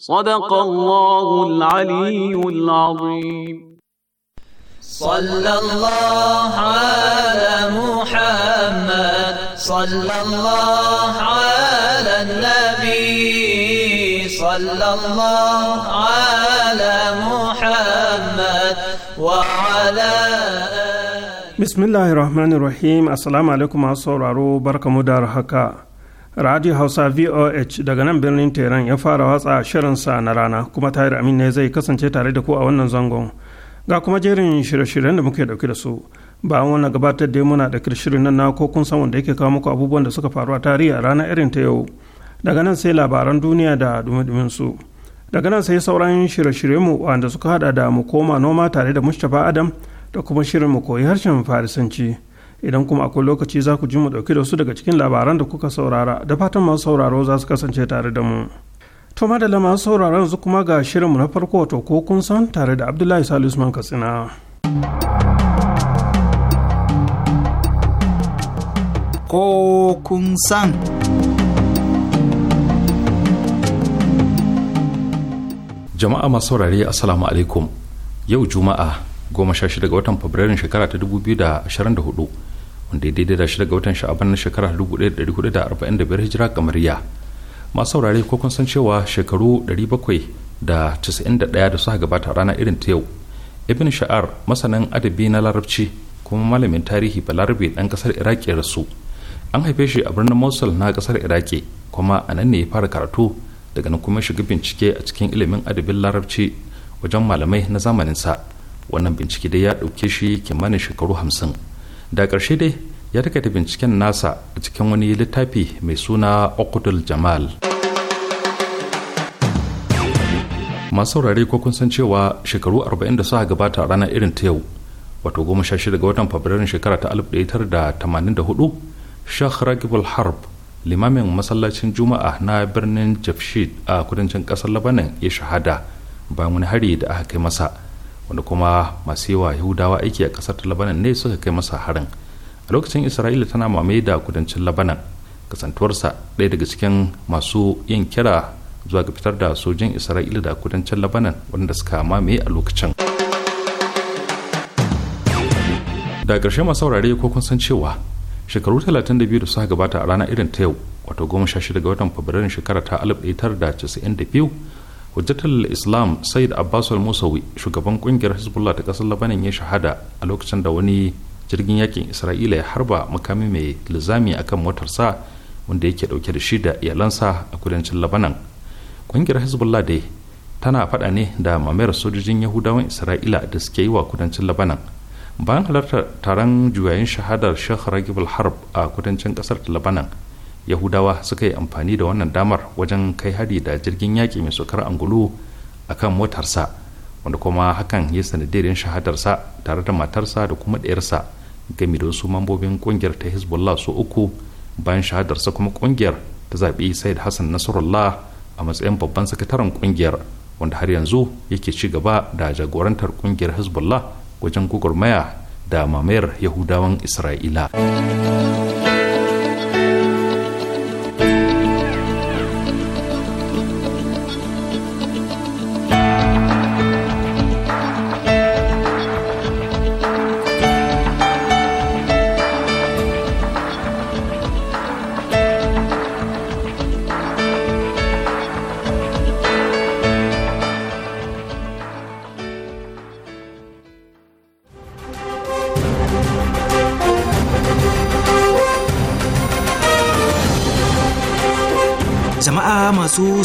صدق الله العلي العظيم صلى الله على محمد صلى الله على النبي صلى الله على محمد وعلى بسم الله الرحمن الرحيم السلام عليكم ورحمة الله وبركاته radio hausa voh daga nan birnin tehran ya fara watsa shirinsa na rana kuma tahir amin ne zai kasance tare da ku a wannan zangon ga kuma jerin shirye-shiryen da muke dauke da su ba wani gabatar da muna da shirin nan na ko kun san wanda yake kawo muku abubuwan da suka faru a tarihi a rana irin ta yau daga nan sai labaran duniya da dumi su daga nan sai sauran shirye-shiryen mu wanda suka hada da mu koma noma tare da mustapha adam da kuma shirin mu koyi harshen farisanci idan kuma akwai lokaci za ku ji mu dauke da su daga cikin labaran da kuka saurara da fatan masu sauraro za su kasance tare da mu to madalla masu sauraron yanzu kuma ga shirinmu na farko wato ko kun san tare da abdullahi salisu man katsina ko kun san jama'a masu saurare assalamu alaikum yau juma'a goma sha shida ga watan fabrairun shekara ta dubu biyu da da ashirin hudu. wanda ya daidai da shi daga watan sha'aban na shekara 1445 hijira kamariya masu saurare ko kun san cewa shekaru 791 da suka gabata rana irin ta yau ibn sha'ar masanin adabi na larabci kuma malamin tarihi balarabe dan kasar iraki rasu an haife shi a birnin mosul na kasar iraki kuma a nan ne ya fara karatu daga nan kuma shiga bincike a cikin ilimin adabin larabci wajen malamai na zamaninsa wannan bincike dai ya ɗauke shi kimanin shekaru hamsin da ƙarshe dai ya takaita binciken nasa a cikin wani littafi mai suna okudul jamal masu saurare ko kun san cewa shekaru 40 da suka gabata a ranar irin ta yau wato 16 ga watan fabrairun shekara ta 1984 shah ragibul harb limamin masallacin juma'a na birnin jafshid a kudancin kasar labanin ya shahada bayan wani hari da aka kai masa wanda kuma masu yawa yahudawa aiki a kasar ta labanan ne suka kai masa harin a lokacin isra'ila tana mamaye da kudancin labanan kasantuwarsa ɗaya daga cikin masu yin kira zuwa ga fitar da sojin isra'ila da kudancin labanan wanda suka mamaye a lokacin da ƙarshe masu saurare ko kun san cewa shekaru 32 da suka gabata a rana irin ta yau wato 16 ga watan fabrairun shekara ta 1992 hujjatar islam said abbas al-musawi shugaban kungiyar hezbollah ta kasar labanin ya shahada a lokacin da wani jirgin yakin isra'ila ya harba makami mai lizami akan motarsa wanda yake dauke da shi da iyalansa a kudancin labanan kungiyar hezbollah dai tana faɗa ne da mamayar sojojin yahudawan isra'ila da suke yi wa kudancin labanan bayan halartar taron juyayin shahadar sheikh ragibul harb a kudancin kasar labanan yahudawa suka yi amfani da wannan damar wajen kai hari da jirgin yaƙi mai sukar angulu a kan motarsa wanda kuma hakan ya sanadirin shahadarsa tare da matarsa da kuma ɗayarsa game da wasu mambobin ƙungiyar ta hezbollah su uku bayan shahadarsa kuma ƙungiyar ta zaɓi said hassan nasarullah a matsayin babban sakataren ƙungiyar wanda har yanzu yake ci gaba da jagorantar ƙungiyar hezbollah wajen gwagwarmaya da mamayar yahudawan isra'ila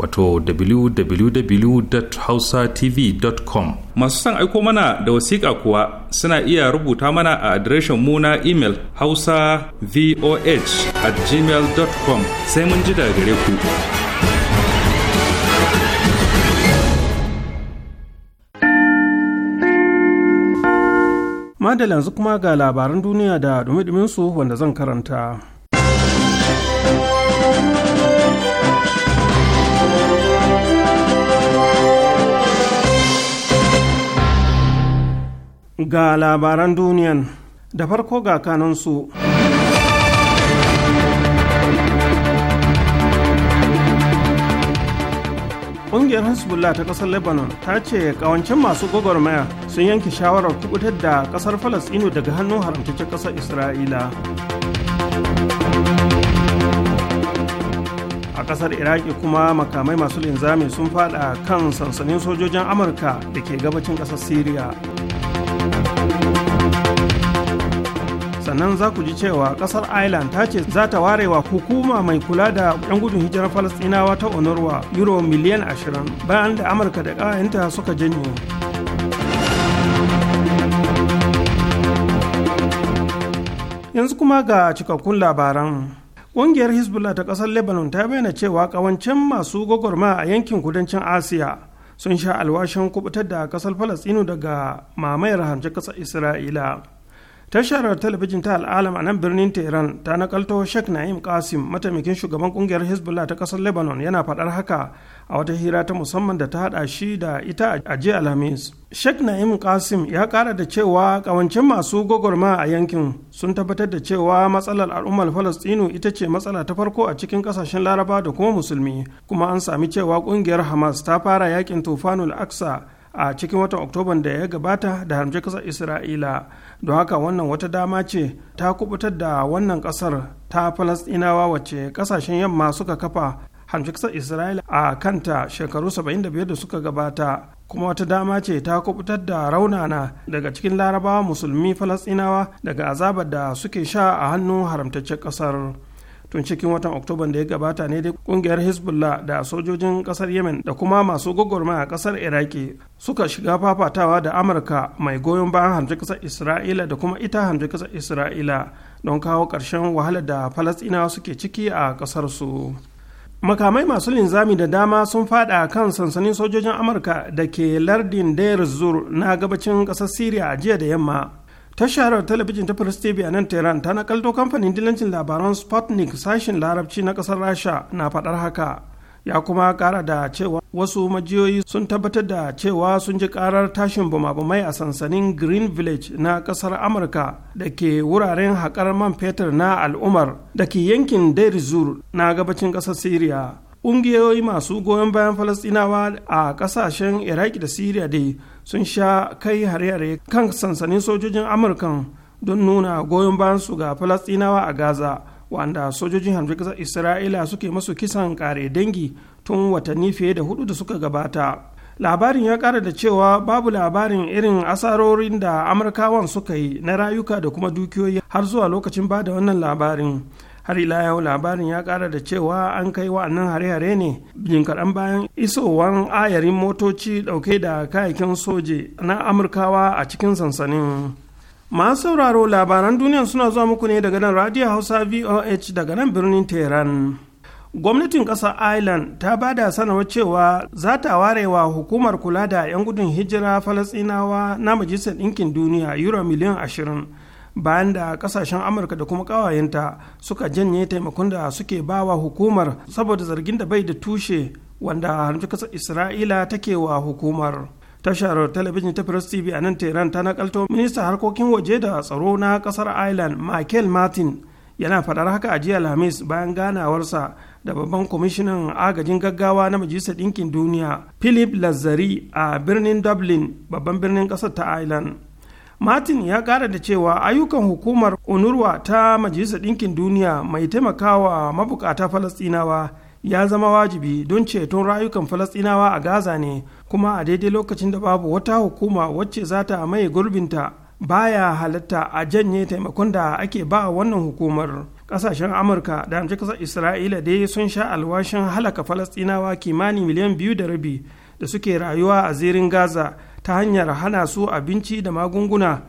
wato www.hausatv.com masu son aiko mana da wasiƙa kuwa suna iya rubuta mana a adireshin mu na imel hausa voh at gmail.com sai mun ji daga gare ku yanzu kuma ga labaran duniya da dumi su wanda zan karanta ga labaran duniyan da farko ga kanansu. Ƙungiyar Hezbollah ta ƙasar Lebanon ta ce ƙawancin masu gwagwarmaya sun yanke shawarar kubutar da ƙasar Falasɗinu daga hannun haramtaccen ƙasar Isra'ila. A ƙasar Iraki kuma makamai masu linzami sun fada kan sansanin sojojin Amurka da ke gabacin ƙasar Siriya. sannan za ku ji cewa kasar ireland ta ce za ta ware wa hukuma mai kula da 'yan gudun hijirar falastinawa ta onurwa euro miliyan 20 bayan da amurka da ƙawayenta suka janyo yanzu kuma ga cikakkun labaran ƙungiyar hezbollah ta ƙasar lebanon ta bayyana cewa ƙawancen masu gwagwarma a yankin kudancin asiya sun sha alwashin kubutar da ƙasar falastinu daga mamayar hamshe ƙasar isra'ila tashar talabijin ta al'alam a nan birnin tehran ta nakalto shek na'im kasim mataimakin shugaban kungiyar hezbollah ta kasar lebanon yana fadar haka a wata hira ta musamman da ta hada shi da ita a jiya alhamis shek na'im kasim ya ƙara da cewa ƙawancin masu gwagwarma a yankin sun tabbatar da cewa matsalar al'ummar falastinu ita ce matsala ta farko a cikin kasashen laraba da kuma musulmi kuma an sami cewa ƙungiyar hamas ta fara yakin tufanul aksa a cikin watan oktoban da ya gabata da harmace kasar isra'ila don haka wannan wata dama ce ta kubutar da wannan kasar ta falasɗinawa wacce kasashen yamma suka kafa harmace kasar isra'ila a kanta shekaru 75 da suka gabata kuma wata dama ce ta kubutar da raunana daga cikin larabawa musulmi falasɗinawa daga azabar da suke sha a hannun haramtaccen kasar tun cikin watan oktoban da ya gabata ne dai kungiyar hezbollah da sojojin kasar yemen da kuma masu gwagwarmaya a kasar iraki suka shiga fafatawa da amurka mai goyon bayan hamshe kasar isra'ila da kuma ita hamshe kasar isra'ila don kawo ƙarshen wahalar da falastinawa suke ciki a kasar su makamai masu linzami da dama sun fada kan sansanin sojojin amurka da ke lardin deir zur na gabacin kasar syria a jiya da yamma tashar talabijin ta Press TV a nan Tehran ta nakalto kamfanin dilancin labaran Sputnik sashin larabci na kasar Rasha na fadar haka. Ya kuma kara da cewa wasu majiyoyi sun tabbatar da cewa sun ji karar tashin bumabumai a sansanin Green Village na kasar Amurka da ke wuraren haƙar man fetur na al'umar da ke yankin Deir na gabacin ƙasar syria. ƙungiyoyi masu goyon bayan Falasɗinawa a ƙasashen iraki da siriya dai sun sha kai hare-hare kan sansanin sojojin amurkan don nuna goyon bayansu ga Falasɗinawa a gaza wanda sojojin hamdukasar isra'ila suke masu kisan ƙare dangi tun watanni fiye da hudu da suka gabata labarin ya kara da cewa babu labarin irin asarorin da amurkawan suka yi na rayuka da kuma dukiyoyi har zuwa lokacin ba da wannan labarin har ila yau labarin ya kara da cewa an kai wa'annan hare-hare ne jin kaɗan bayan isowan ayarin motoci ɗauke da kayakin soje na amurkawa a cikin sansanin masu sauraro labaran duniya suna zuwa muku ne daga nan radio hausa voh daga nan birnin tehran gwamnatin ƙasar ireland ta ba da sanarwar cewa za ta wa hukumar kula da 'yan gudun hijira falasinawa na majalisar ɗinkin duniya euro miliyan ashirin bayan da kasashen amurka da kuma kawayenta suka janye taimakon da suke bawa hukumar saboda zargin da bai da tushe wanda harfi kasar isra'ila take wa hukumar tashar talabijin ta press tv a nan tehran ta nakalto minista harkokin waje da tsaro na kasar ireland michael martin yana faɗar haka a jiya alhamis bayan ganawarsa da babban kwamishinan agajin gaggawa na majalisar ɗinkin duniya philip lazari a birnin dublin babban birnin ƙasar ta ireland martin ya kara da cewa ayyukan hukumar unurwa ta majalisar ɗinkin duniya mai taimakawa mabukata falastinawa ya zama wajibi don ceton rayukan falastinawa a gaza ne kuma a daidai lokacin da babu wata hukuma wacce za ta maye gurbinta baya halatta a janye taimakon da ake ba wannan hukumar kasashen amurka da amce kasar isra'ila dai sun sha alwashin halaka falastinawa kimanin miliyan biyu da rabi da suke rayuwa a zirin gaza ta hanyar hana su abinci da magunguna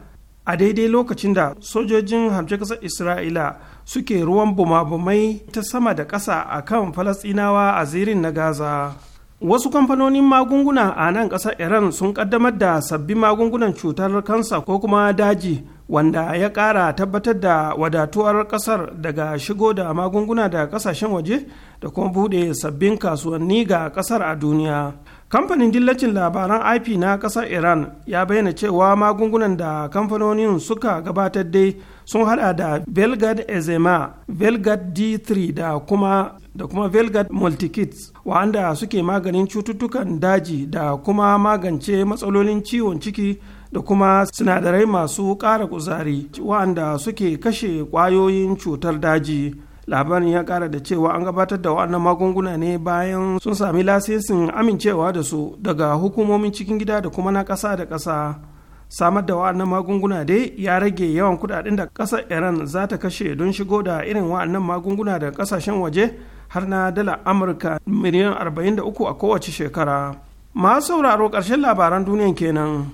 a daidai lokacin da sojojin hamshe kasar isra'ila suke ruwan bumabumai ta sama da ƙasa a kan falasɗinawa a zirin na gaza wasu kamfanonin magunguna a nan ƙasar iran sun ƙaddamar da sabbin magungunan cutar kansa ko kuma daji wanda ya ƙara tabbatar da wadatuwar ƙasar daga shigo da magunguna da ƙasashen waje da kuma buɗe sabbin kasuwanni ga ƙasar a duniya kamfanin dillacin labaran ip na kasar iran ya bayyana cewa magungunan da kamfanonin suka gabatar dai sun hada da velgad ezema belgad d3 da kuma da kuma velgat multikits wa'anda suke maganin cututtukan daji da kuma magance matsalolin ciwon ciki da kuma sinadarai masu kara kuzari wa'anda suke kashe kwayoyin cutar daji labarin ya kara da cewa an gabatar da wa'annan magunguna ne bayan sun sami lasisin amincewa da su daga hukumomin cikin gida da kuma na ƙasa da ƙasa samar da wa'annan magunguna dai ya rage yawan kudaden da ƙasar iran za ta kashe don shigo da irin wa'annan magunguna da ƙasashen waje har na dala amurka miliyan 43 a kowace shekara masu sauraro ƙarshen labaran duniyan kenan.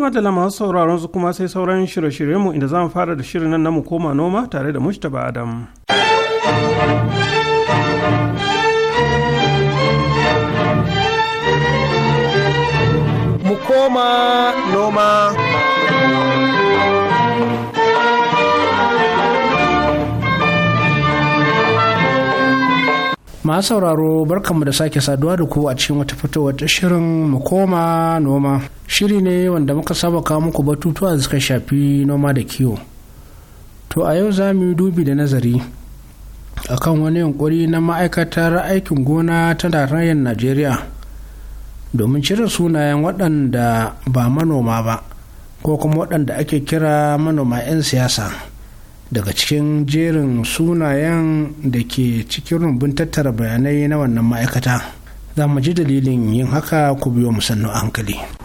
madala masu sauraron su kuma sai sauran shirye-shiryenmu inda za mu fara da shirin nan namu koma noma tare da Mustapha Adam. Mu koma noma. masu sauraro barkanmu da sake saduwa da ku a cikin wata fitowar ta shirin mu koma noma shiri ne wanda muka saba kawo muku batutuwa da suka shafi noma da kiwo to a yau za mu yi dubi da nazari akan wani yunkuri na ma'aikatar aikin gona ta tarayyar najeriya domin cire sunayen waɗanda ba manoma ba ko kuma waɗanda ake kira manoma 'yan siyasa daga cikin jerin sunayen da ke cikin rumbun tattara bayanai na wannan ma'aikata za mu ji dalilin yin haka ku biyo mu sannu hankali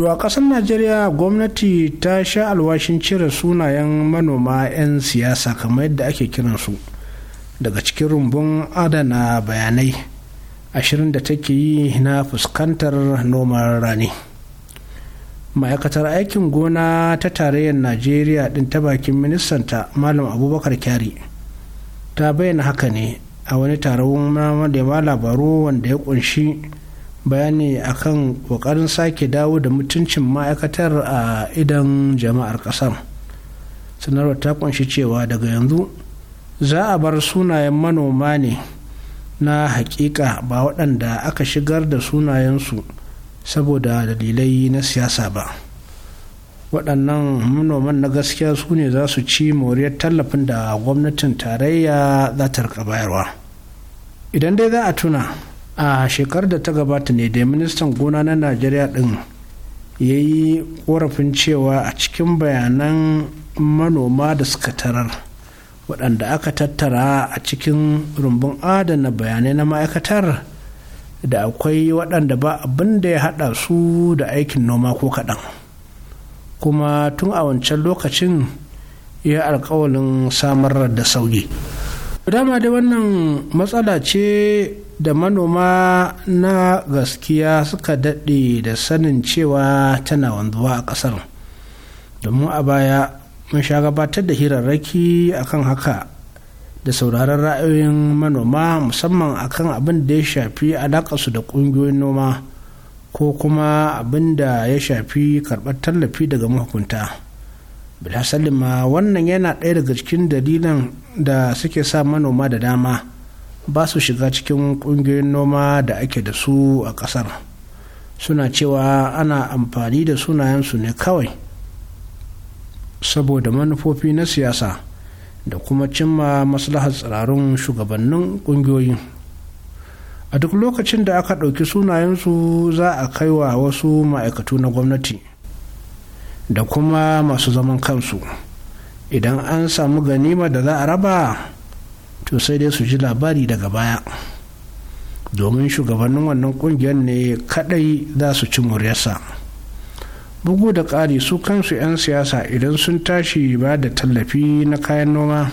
To a ƙasar Najeriya gwamnati ta sha alwashin cire sunayen manoma 'yan siyasa kamar yadda ake kiransu daga cikin rumbun adana bayanai ashirin da take yi na fuskantar noman rani. Ma'aikatar aikin gona ta tarayyar Najeriya ɗin ta bakin ministanta Malam Abubakar Kyari ta bayyana haka ne a wani taron manema labaru wanda ya ƙunshi. bayani akan kokarin sake dawo da mutuncin ma'aikatar a idan jama'ar kasar sanarwar ta kunshi cewa daga yanzu za a bar sunayen manoma ne na hakika ba waɗanda aka shigar da sunayensu saboda dalilai na siyasa ba waɗannan manoman na gaskiya su ne za su ci moriyar tallafin da gwamnatin tarayya za ta bayarwa idan dai za a tuna a shekarar da ta gabata ne da ministan gona na najeriya din ya yi korafin cewa a cikin bayanan manoma da suka tarar waɗanda aka tattara a cikin rumbun adana bayanai na ma'aikatar da akwai waɗanda ba abin da ya haɗa su da aikin noma ko kaɗan kuma tun a wancan lokacin ya alkawalin samar da sauyi dama da wannan matsala ce da manoma na gaskiya suka daɗe da sanin cewa tana wanzuwa a ƙasar domin a baya mun sha gabatar da hirarraki akan haka da sauraron ra'ayoyin manoma musamman akan abin da ya shafi su da ƙungiyoyin noma ko kuma abin da ya shafi karɓar tallafi daga mahukunta bilhassalima wannan yana ɗaya daga cikin dalilan da suke sa manoma da dama ba su shiga cikin ƙungiyoyin noma da ake da su a ƙasar suna cewa ana amfani da sunayensu ne kawai saboda manufofi na siyasa da kuma cimma maslahar tsirarun shugabannin ƙungiyoyin a duk lokacin da aka ɗauki sunayensu za a kai wa wasu ma'aikatu na gwamnati da kuma masu zaman kansu idan an samu ganima da za a raba to sai dai su ji labari daga baya domin shugabannin wannan kungiyar ne kadai za su ci muryarsa bugu da ƙari su kansu 'yan siyasa idan sun tashi ba da tallafi na kayan noma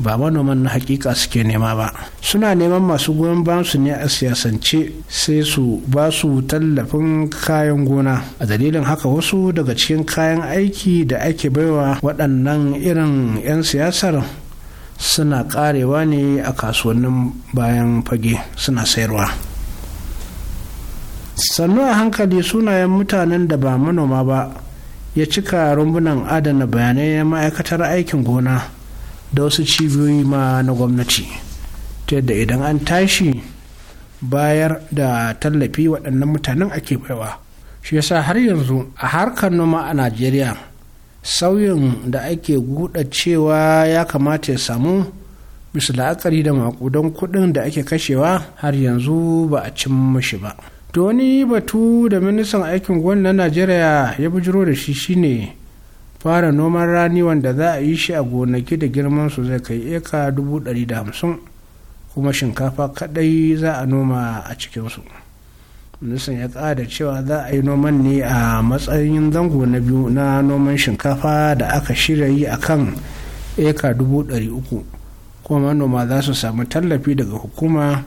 ba manoman na hakika suke nema ba suna neman masu goyon bayan ne a siyasance sai su ba su tallafin kayan gona a dalilin haka wasu daga cikin kayan aiki da ake baiwa waɗannan irin 'yan siyasar suna karewa ne a kasuwannin bayan fage suna sayarwa sannu a hankali sunayen mutanen da ba manoma ba ya cika rumbunan adana bayanai na ma'aikatar aikin gona da wasu cibiyoyi ma na gwamnati ta yadda idan an tashi bayar da tallafi waɗannan mutanen ake baiwa shi yasa har yanzu a harkar noma a najeriya sauyin da ake guda cewa ya kamata ya samu bisa la'akari da makudan kudin da ake kashewa har yanzu ba a cin mashi ba to wani batu da ministan aikin gwamna najeriya ya bujiro da shi shine fara noman rani wanda za a yi shi a gonaki da girman su zai kai eka 150 kuma shinkafa kadai za a noma a cikinsu. nisan ya tsada cewa za a yi noman ne a matsayin zango na biyu na noman shinkafa da aka shirya yi a kan eka dubu uku kuma manoma za su samu tallafi daga hukuma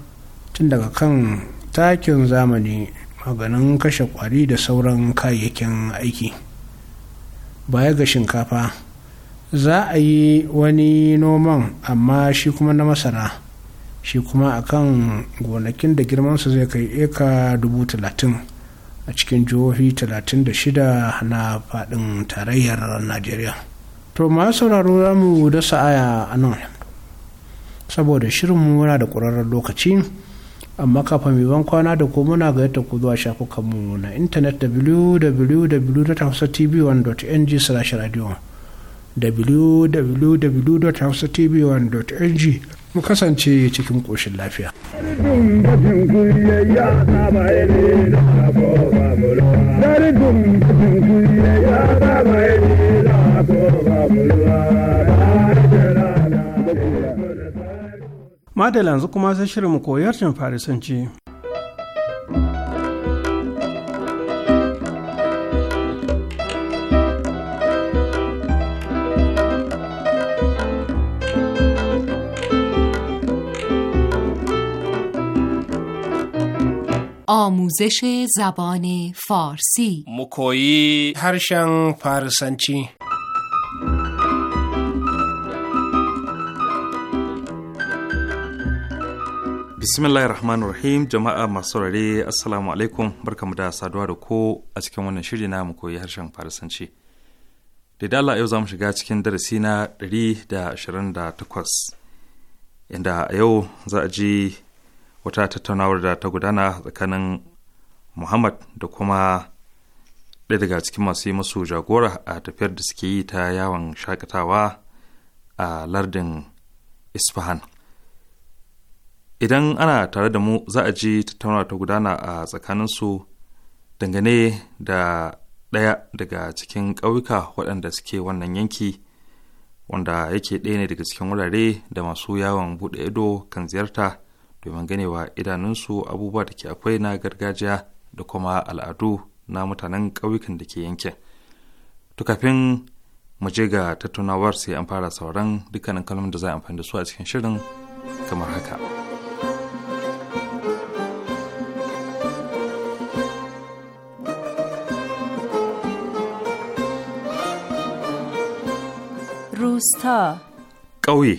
tun daga kan takin zamani maganin kashe kwari da sauran kayayyakin aiki baya ga shinkafa za a yi wani noman amma shi kuma na masara shi kuma akan gonakin da girmansu zai kai eka dubu talatin a cikin jihohi talatin da shida na fadin tarayyar najeriya to ma sauraro za mu dasa sa'aya a nan saboda shirin mu yana da ƙwararren lokaci amma kafa mai ban kwana da ko muna ga yadda ku zuwa shafukanmu na intanet www.hausatv1.ng slash radio www.hausatv1.ng mu kasance cikin ƙoshin lafiya. Madalla yanzu kuma sai shirin koyar cin farisanci. آموزش زبان فارسی مکویی هرشن فارسنچی bismillahir rahmanir rahim jama'a masu saurare assalamu alaikum barkamu da saduwa da ko a cikin wannan shiri na mu koyi harshen farisanci da Allah yau za mu shiga cikin darasi na ɗari da da 128 inda a yau za a je. wata tattaunawar da ta gudana tsakanin muhammad da kuma ɗaya daga cikin masu yi masu jagora a tafiyar da suke yi ta yawon shakatawa a lardin isfahan idan ana tare da mu za a ji tattaunawa ta gudana a tsakaninsu dangane da ɗaya daga cikin ƙauyuka waɗanda suke wannan yanki wanda yake ɗaya ne daga cikin wurare da masu yawon buɗe ido kan ziyarta domin ganewa idanunsu abubuwa da ke akwai na gargajiya da kuma al'adu na mutanen ƙauyukan da ke yankin. To kafin mu je ga tattaunawar sai an fara sauran dukkanin kalmomin da za a amfani da su a cikin shirin kamar haka. روستا قوی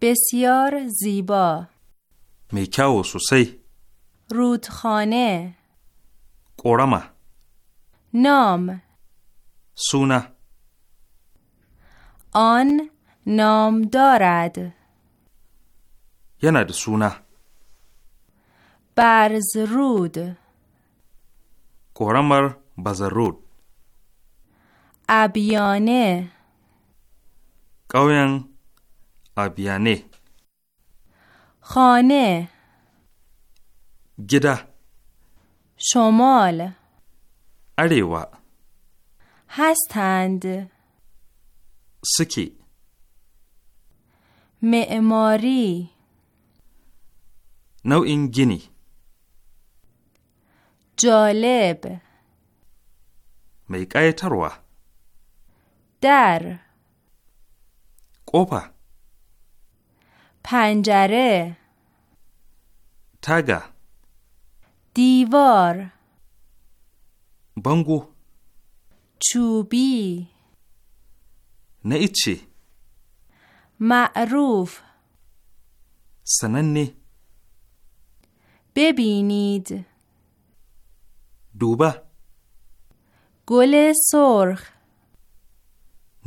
بسیار زیبا میکاو سوسی رودخانه قرمه نام سونا آن نام دارد یه ند سونا برز رود قرمر بز رود ابیانه قویان ابیانه خانه گده شمال اریوا هستند سکی معماری نو گینی جالب میکای تروه در قوپا پنجره تگه دیوار بانگو چوبی نیچی معروف سننی ببینید دوبه گل سرخ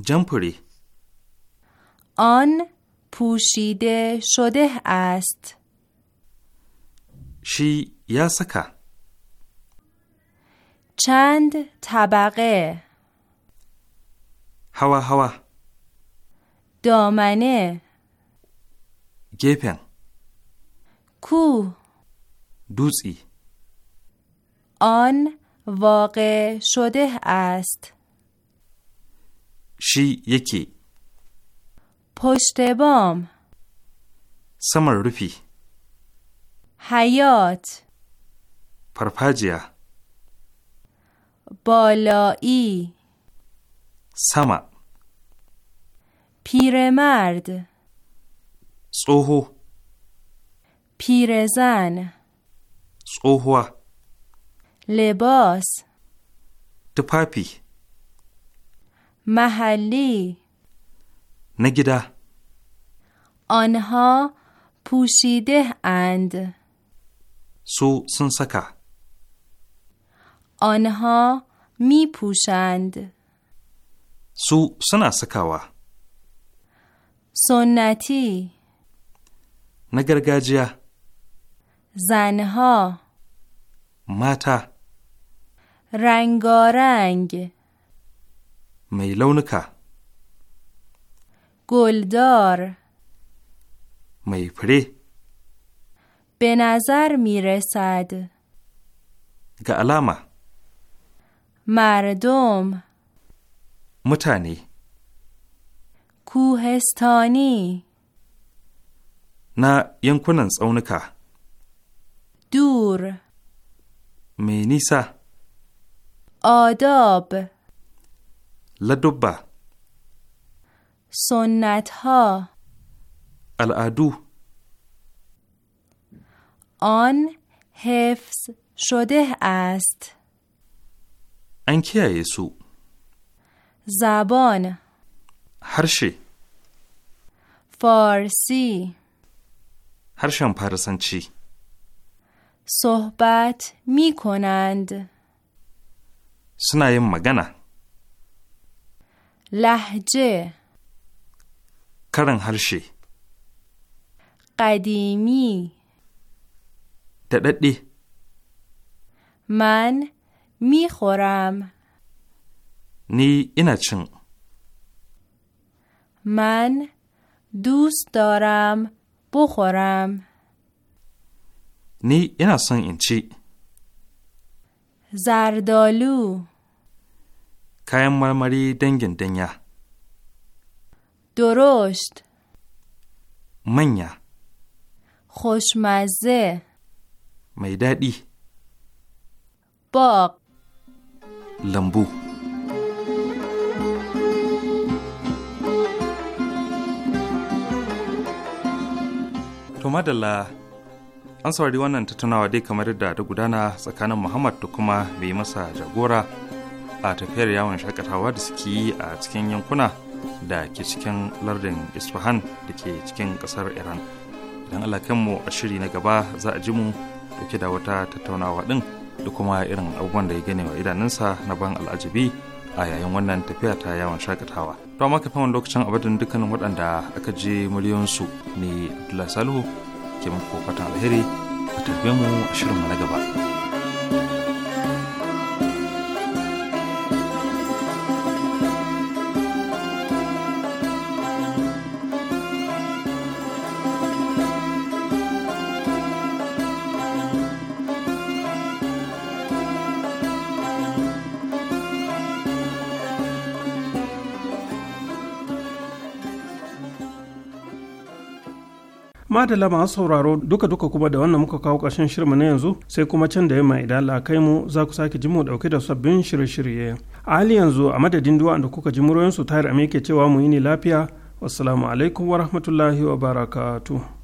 جمپری آن پوشیده شده است شی یا سکه چند طبقه هوا هوا دامنه گیپن کو دوزی آن واقع شده است شی یکی پشت بام سمر رفی حیات پرپاجیا بالایی سما پیرمرد صوهو پیرزن سوهو لباس تپاپی محلی نگیده آنها پوشیده اند سو سن آنها می پوشند سو سنا سکاوا سنتی نگرگاجیا زنها ماتا رنگارنگ میلونکا گلدار میپری به نظر می رسد گا مردم متانی کوهستانی نه ینکنن تسونکا دور می نیسا آداب لدوبا سنت ها العدو آن حفظ شده است انکیه سو زبان هرشی فارسی پرسن چی؟ صحبت می کنند سنایم مگنه لحجه کرن هرشی قدیمی دددی من میخورم نی اینا چن من دوست دارم بخورم نی اینا سن این چی زردالو کایم مرمری دنگن دنیا درشت منیا خوشمزه mai daɗi. Bok. Lambu. To madalla an saurari wannan tattaunawa dai kamar yadda ta gudana tsakanin Muhammad da kuma mai masa jagora a tafiyar yawon shakatawa da suke yi a cikin yankuna da ke cikin lardin Isfahan da ke cikin ƙasar Iran. Idan alakanmu kanmu a shiri na gaba za a ji mu dauke da wata tattaunawa din da kuma irin abubuwan da ya gane wa idanunsa na ban al'ajabi a yayin wannan tafiya ta yawon shakatawa to amma kafin wani lokacin abadin dukkanin waɗanda aka je miliyansu ne abdullahi salihu ke muku fatan alheri a tarbe mu shirin na gaba. madala masu sauraro duka duka kuma da wannan muka kawo ƙarshen shirma na yanzu sai kuma can da yamma idan Allah kai mu za ku sake ji mu dauke da sabbin shirye-shirye a hali yanzu a madadin duwa inda kuka ji muryoyin su tare ame ke cewa mu yi ni lafiya wassalamu alaikum wa rahmatullahi wa barakatuh